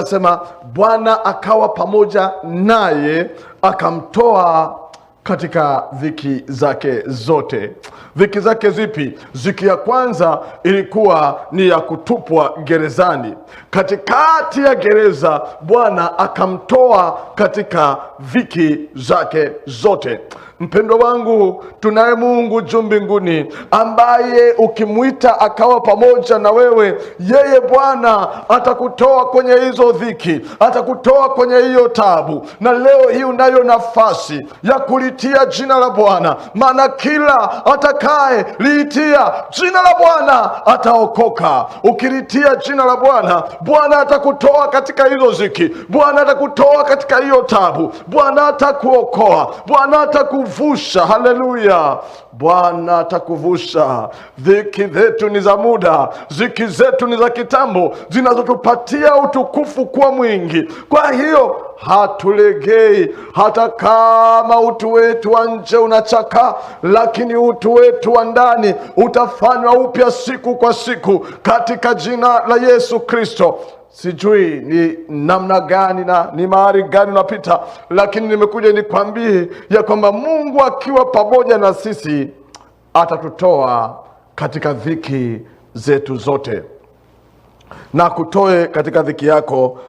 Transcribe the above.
Nasema Bwana akawa pamoja naye akamtoa katika dhiki zake zote. Dhiki zake zipi? Dhiki ya kwanza ilikuwa ni ya kutupwa gerezani. Katikati ya gereza, Bwana akamtoa katika dhiki zake zote. Mpendwa wangu, tunaye Mungu juu mbinguni ambaye ukimwita akawa pamoja na wewe. Yeye Bwana atakutoa kwenye hizo dhiki, atakutoa kwenye hiyo tabu, na leo hii unayo nafasi ya kulitia jina la Bwana, maana kila atakaye liitia jina la Bwana ataokoka. Ukilitia jina la Bwana, Bwana atakutoa katika hizo dhiki, Bwana atakutoa katika hiyo tabu, Bwana atakuokoa, Bwana ataku atakuvusha. Haleluya! Bwana atakuvusha. Dhiki zetu ni za muda, dhiki zetu ni za kitambo, zinazotupatia utukufu kuwa mwingi. Kwa hiyo hatulegei. Hata kama utu wetu wa nje unachaka, lakini utu wetu wa ndani utafanywa upya siku kwa siku katika jina la Yesu Kristo. Sijui ni namna gani na ni mahali gani unapita, lakini nimekuja nikwambie ya kwamba Mungu akiwa pamoja na sisi atatutoa katika dhiki zetu zote na kutoe katika dhiki yako.